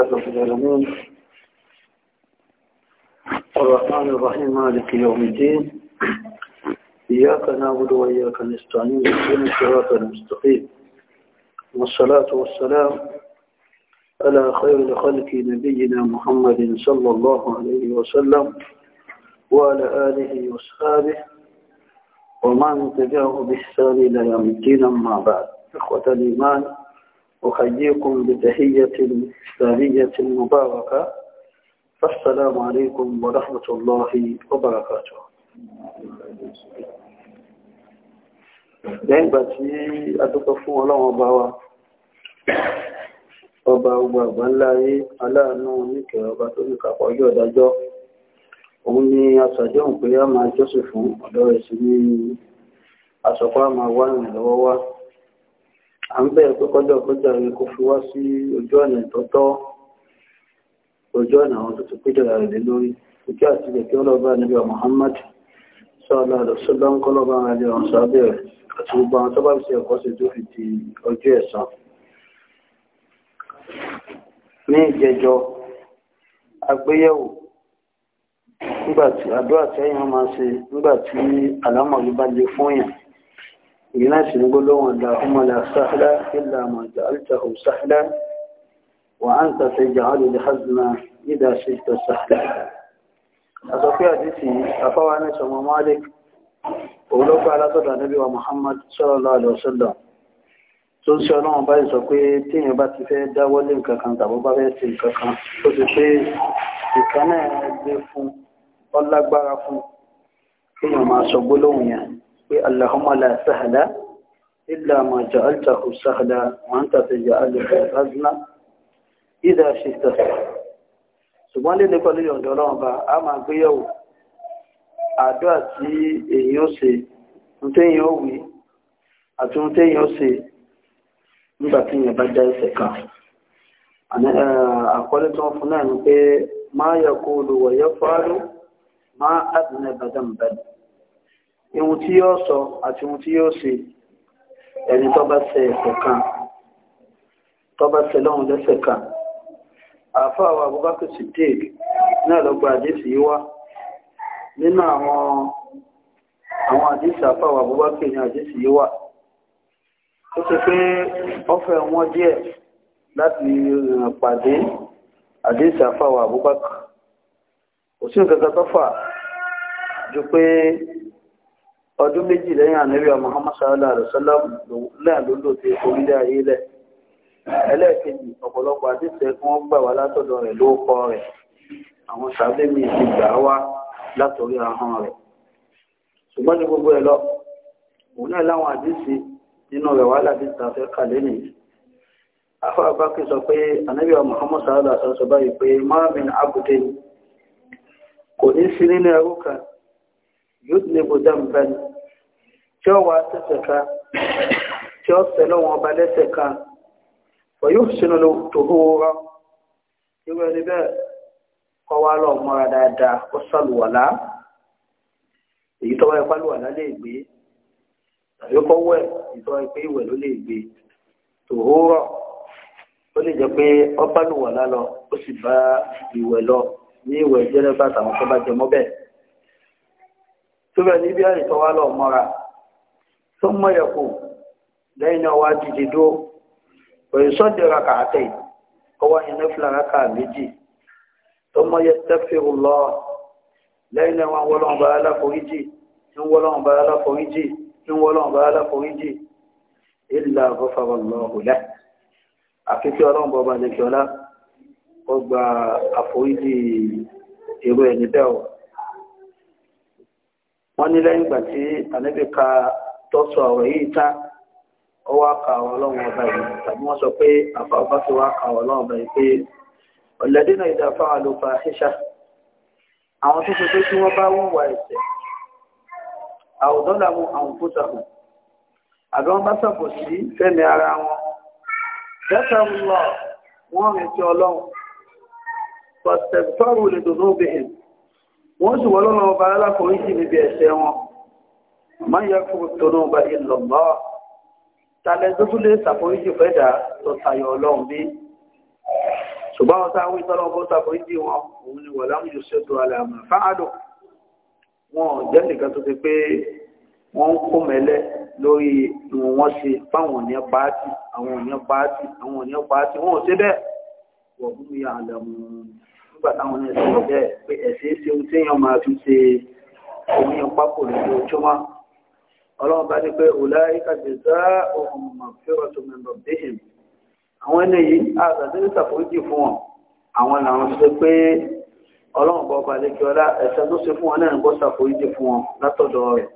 الله رب العالمين الرحمن الرحيم مالك يوم الدين إياك نعبد وإياك نستعين اهدنا الصراط المستقيم والصلاة والسلام على خير الخلق نبينا محمد صلى الله عليه وسلم وعلى آله وصحبه ومن تبعه بإحسان إلى يوم الدين أما بعد إخوة الإيمان أحييكم بتحية إسلامية مباركة فالسلام عليكم ورحمة الله وبركاته lẹ́yìn ìgbà tí a dúpẹ́ fún ọlọ́run ọba wa ọba ọgbà àgbà ńlá ayé aláàánú oníkẹ̀ ọba tó ní kàpọ̀ ọjọ́ ìdájọ́ òun ni aṣàdéhùn pé a máa jọ́sìn fún ọ̀dọ́ rẹ̀ sí ní àṣọpá máa wá ìrànlọ́wọ́ wá à ń bẹ̀rẹ̀ pé kọjọ́ kọjọ́ rẹ̀ kó fi wá sí ojú ọ̀nà ìtọ́tọ́ ojú ọ̀nà àwọn tó ti péjọ rẹ̀ lé lórí ìkí àti ìgbẹ̀kẹ́ ọlọ́ba níbi Muhammad sọ́ọ̀lá àdọ̀sọ́lá ń kọ́lọ́ba rẹ̀ ọ̀hún sábẹ́ rẹ̀ àti gbogbo àwọn tó bá fi ṣe ẹ̀kọ́ sí tó fi di ọjọ́ ẹ̀san ní ìjẹjọ agbéyẹ̀wò nígbàtí àdúrà ìrìnàṣì ní gbólóhùn Allahumma la sahla illa ma ja'altahu sahla wa anta taj'alu al-hazna idha shi'ta sahla àsọ̀fí àdísì afọ́wà ní sọmọ Malik olókọ́ alásọ̀dà níbi wa Muhammad sallallahu alaihi wasallam tó ń ṣe ọlọ́run báyìí sọ pé tíyàn bá ti fẹ́ dáwọ́lé nǹkan kan tàbí bá fẹ́ ṣe nǹkan kan tó pé Allahumma la sahla illa ma ja'altahu sahla wa anta taj'aluhu hazna idha shi'ta ṣùgbọ́n lè nípa lórí ọ̀dọ̀ ọlọ́run bá a máa gbéyẹ̀wò àdúrà tí èyí ó ṣe ntẹ́yìn ó wí àti ntẹ́yìn ó já ẹsẹ̀ kan àkọlé tó fún náà ni pé máa yaqulu wa yaf'alu máa adìnà ìbàdàn ìbàdàn tí yóò sọ àti ohun tí yóò ṣe ẹni tó bá ṣe ẹ̀ṣẹ̀ kan tó bá ṣe lọ́hùn lẹ́ṣẹ̀ kan àáfàá wa Abubakar Siddiq náà lọ gba àdéṣì yìí wá nínú àwọn àwọn àdéṣì àáfàá wa Abubakar ní àdéṣì yìí wá ó ṣe pé ọfẹ wọn díẹ̀ láti rìnrìn pàdé àdéṣì àáfàá wa Abubakar kò sí nǹkan kan tó fà ju pé ọdún méjì lẹ́yìn ànábíà Muhammad sallallahu alaihi wasallam lẹ́yìn ló lò sí orílẹ̀ ayé lẹ̀ ẹlẹ́ẹ̀kejì ọ̀pọ̀lọpọ̀ àdìsẹ́ kí wọ́n gbà wá látọ̀dọ̀ rẹ̀ ló kọ rẹ̀ àwọn sàbẹ̀ mi ti gbà wá látọ̀rí ahọ́n rẹ̀ ṣùgbọ́n ní gbogbo ẹ̀ lọ òun náà láwọn àdìsí nínú rẹ̀ wá láti tàfẹ́ kàlẹ́ yóò dánbẹ́ tí ó wà tẹ́sẹ̀ tí ó sẹ̀lọ́ wọn ọba lẹ́sẹ̀ká yóò sínú ló bẹ́ẹ̀ kọ́ wá lọ mọ́ra dáadáa ó sàlùwàlá èyí pálùwàlá lè gbé tàbí kọ́ wẹ̀ èyí ìwẹ̀ ló lè gbé ó lè jẹ́ pé pálùwàlá lọ ó sì bá ìwẹ̀ lọ ní ìwẹ̀ jẹ́rẹ́ tó bá jẹ mọ́ bẹ́ẹ̀. síbẹ̀ níbi ẹ̀rì tó wá lọ mọ́ra tó mọ́ ẹ̀kù lẹ́yìn náà wá dìde dó òyìnṣọ́dẹ̀ raka àtẹ̀ ọwọ́ iná fìlà raka méjì tó mọ́ yẹ tẹ́fìrù lọ lẹ́yìn náà wọ́n wọ́lọ́ ọba aláforíjì ń wọ́lọ́ ọba aláforíjì ń ọba aláforíjì ìlà àforíjì èrò ẹni bẹ́ẹ̀ wọ́n ní lẹ́yìn ìgbà tí ànábì ka tọ́sọ ọ̀rọ̀ yìí ta ó wá ka àwọn ọlọ́run ọba yìí tàbí wọ́n sọ pé àfa ọba fi wá ka àwọn ọlọ́run ọba yìí pé alladina idha fa'alu fahisha àwọn tó ṣe pé kí wọ́n bá wọ́n wà ẹ̀sẹ̀ àwùdọ́làmù anfusahum àbí wọ́n bá sàbò sí fẹ́mi ara wọn dẹ́sẹ̀ ń lọ wọ́n rìn sí ọlọ́run pọ̀tẹ̀fọ́rù lè dùn lóbìnrin wọ́n sì wọ́n lọ́nà ọba alákùnrin sí níbi ẹ̀ṣẹ̀ wọn ma yẹ kó tónú ọba ìlọ̀lọ́ tàlẹ̀ tó tún lè ṣàforíjì fẹ́dà tó tayọ ọlọ́run bí ṣùgbọ́n wọn sáwọ́ ìtọ́lọ́ ọbọ̀ ṣàforíjì wọn òun ni wọ̀lá ń yóò ṣètò alẹ́ àmà fáàdù wọn jẹ́ nìkan tó ti pé wọ́n ń kó mẹ́lẹ́ lórí ìwọ̀n wọn ṣe fáwọn òní pàátì àwọn òní pàátì àwọn òní pàátì wọn ò ṣe bẹ́ẹ̀ wọ̀ fún mi àlẹ́ mú nígbà táwọn náà sì jẹ́ pé ẹ̀sìn ṣe ohun téèyàn máa fi ṣe omi pápò lójú ojúmọ́ ọlọ́run bá ní pé ulaika jazaa'uhum maghfiratun min rabbihim àwọn eléyìí àgbàdo ní ṣàforíjì fún wọn àwọn làwọn ṣe pé ọlọ́run bọ́ ọba lékè ọlá ẹ̀ṣẹ̀ tó ṣe fún wọn náà ń bọ́ ṣàforíjì fún wọn látọ̀dọ̀ rẹ̀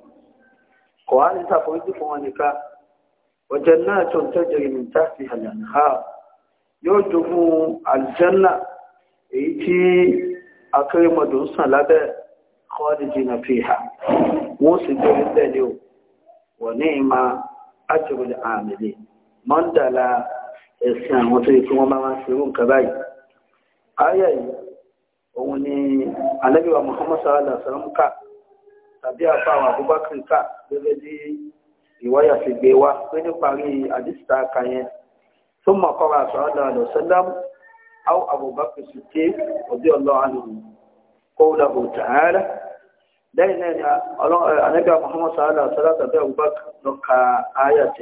kò wá ní ṣàforíjì fún wọn nìkan wa jannatun tajri min tahtiha al-anhar yóò jogún aljanna èyí tí akérèmọdò ń sàn lábẹ́ kọ́ọ̀dìjì náà fi hà wọ́n sì gbé nílẹ̀ ni o wọ́n ní ìmọ̀ àjọyọ̀ àmìlẹ̀ mọ́ńdàlá ẹ̀sìn àwọn tó yẹ kí wọ́n máa ń ṣerú nǹkan báyìí. ayé yìí òun ni anábìwá muhammad sallallahu alaihi wa sallam kà tàbí apá àwọn abubakar kà gẹ́gẹ́ bí ìwáyà ti gbé wá pé níparí àdìsíta kà أو أبو بكر الصديق رضي الله عنه قوله تعالى لأن النبي محمد صلى الله عليه وسلم أبو بكر آية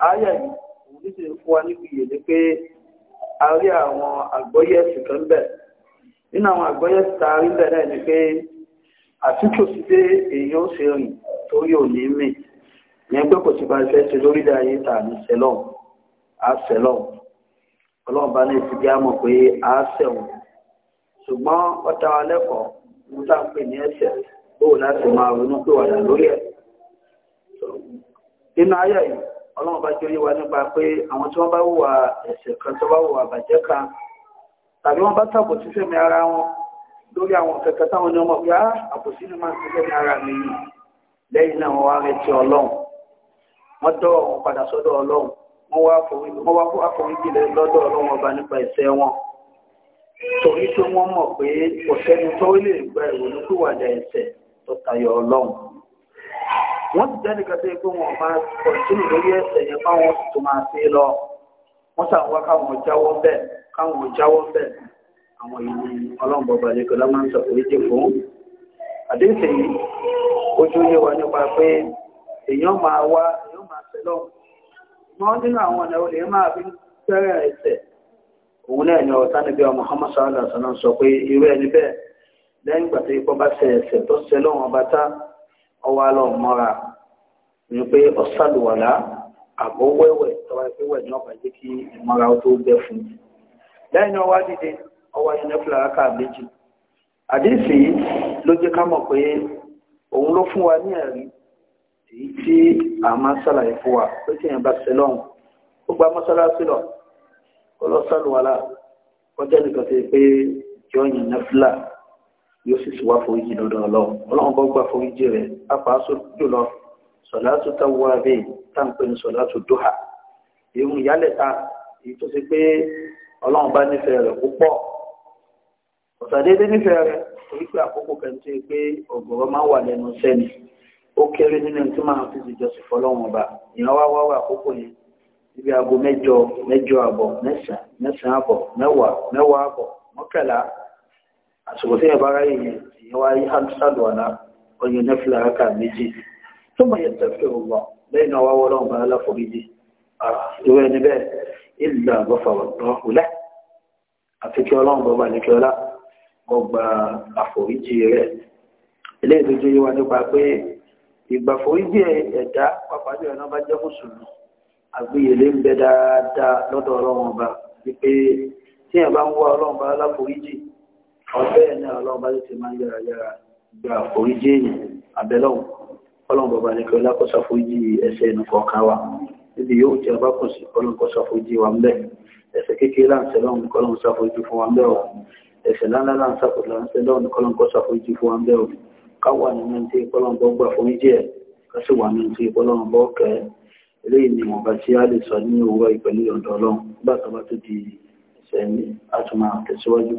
آية a rí àwọn àgbọ́yẹ̀sì kan a rí bẹ̀ náà ni pé àtúntò ọlọ́run bá ní ìsìnkí àmọ̀ pé a sẹ̀wọ̀n ṣùgbọ́n ọ̀tá wa lẹ́kọ̀ọ́ mo tá à ń pè ní ẹ̀ṣẹ̀ bóò láti máa ronú pé wàdà lórí ẹ̀ nínú ayé yìí ọlọ́run bá jórí wa nípa pé àwọn tí wọ́n bá hùwà ẹ̀ṣẹ̀ kan tó bá hùwà bàjẹ́ kan tàbí wọ́n bá tàbò sí fẹ́mi ara wọn lórí àwọn kẹ̀kẹ́ táwọn ní ọmọ pé á ah, àbòsí ni máa ń ṣiṣẹ́ ní ara mi yìí lẹ́yìn náà wọ́n wá retí ọlọ́run wọ́n dọ́ ọ̀hún padà sọ́dọ̀ ọlọ́run wọ́n wá fún àforíjìlẹ̀ lọ́dọ̀ ọlọ́wọ́n ọba nípa ẹ̀ṣẹ̀ wọn torí tí wọ́n mọ̀ pé kò tó lè gba ìrònúkúwàdà ẹ̀ṣẹ̀ tó tayọ ọlọ́run wọ́n ti jẹ́ nìkan tó pé wọ́n máa kọ̀tínù lórí yẹn tó máa fi lọ wọ́n sàwọ́ káwọn jáwọ́ bẹ́ẹ̀ káwọn jáwọ́ bẹ́ẹ̀ àwọn ìlú ọlọ́run máa ń fún wa nípa pé èèyàn máa wá èèyàn wọ́n nínú àwọn ọ̀nà olè máa fi fẹ́rẹ̀ ẹ̀sẹ̀ òun náà ni ọ̀tá níbi ọmọ Muhammad sallallahu alaihi sọ pé irú ẹni bẹ́ẹ̀ lẹ́yìn ìgbà tó bá ṣe ẹ̀sẹ̀ tó ṣe lọ́wọ́n ọba tá ọwọ́ alọ́ mọ́ra ni pé ọ̀sàlùwàlá ẹgbẹ́ wẹ̀ ní èyí tí a máa ń ṣàlàyé fún wa pé tí èèyàn bá ṣe lọ́hùn ó gba mọ́ṣáláṣí lọ ó lọ sálùwàlà ọjọ́ nìkan ti pé jọ́yìn náfìlà yóò sì sì wá foríjì lọ́dọ̀ ọlọ́run ọlọ́run bọ́ gba foríjì rẹ̀ apàásù jùlọ sọ̀láṣù táwọn abẹ́ táǹpẹ́ ní sọ̀láṣù dóhà ìhun ìyálẹ̀ta èyí tó ṣe pé ọlọ́run bá nífẹ̀ẹ́ rẹ̀ púpọ̀ ọ̀sàdédé nífẹ̀ẹ́ rẹ̀ torí pé àkókò kẹ́ńtì pé ọ̀gọ̀rọ̀ máa wà lẹ́nu sẹ́ni ó kéré nínú tí máa fi ìjọsìn fọlọ́wọn ọba ìyẹn wá wá wà àkókò yẹn níbi aago mẹ́jọ mẹ́jọ àbọ̀ mẹ́sàn mẹ́sàn àbọ̀ mẹ́wàá mẹ́wàá àbọ̀ mọ́kànlá àsìkò tí yẹn bá ráyè yẹn ìyẹn wá yí hàmsàlù àlá ọyàn nẹfìlà aka méjì tó mọ yẹn tẹfẹ ọgbà lẹ́yìn náà wá wọlọ ọgbà aláforíjì ìwé ẹni bẹ́ẹ̀ ìlà àgbọfàwọ lọhùlẹ àti kí Ọlọ́run bọba àlekí ọlá ọgbà àforíjì rẹ̀ eléyìí tó jẹ yíwa nípa pé ìgbàforíjì ẹ̀dá pàápàá jùlọ náà bá jẹ́ mùsùlùmí àgbéyẹlé ń bẹ dáadáa lọ́dọ̀ ọlọ́run ọba wípé tí ẹ̀ bá ń wá ọlọ́run ọba aláforíjì ọbẹ̀ ẹ̀ náà ọlọ́run ọba ló ti máa ń yára yára gba àforíjì èèyàn abẹ́lọ́hùn ọlọ́run bàbá ní kí ọlá kó ṣàforíjì ẹ̀ṣẹ̀ ẹnu kọ̀ọ̀kan wa níbi yóò tí a bá kù sí ọlọ́run kó ṣàforíjì wa ń bẹ̀ ẹ̀ṣẹ̀ kékeré láǹṣẹ́ lọ́run kọ́lọ́run ká wà nínú tí ìpọ́lọ́mbọ́ gbà fún jẹ́ ká sì wà nínú tí ìpọ́lọ́mbọ́ kẹ́ eléyìí ni wọ́n bá tí a lè sọ ní òwúrọ̀ ìpẹ̀lú ọ̀dọ̀ ọlọ́run nígbà tó bá tó di ìṣẹ́ni a tún máa tẹ̀síwájú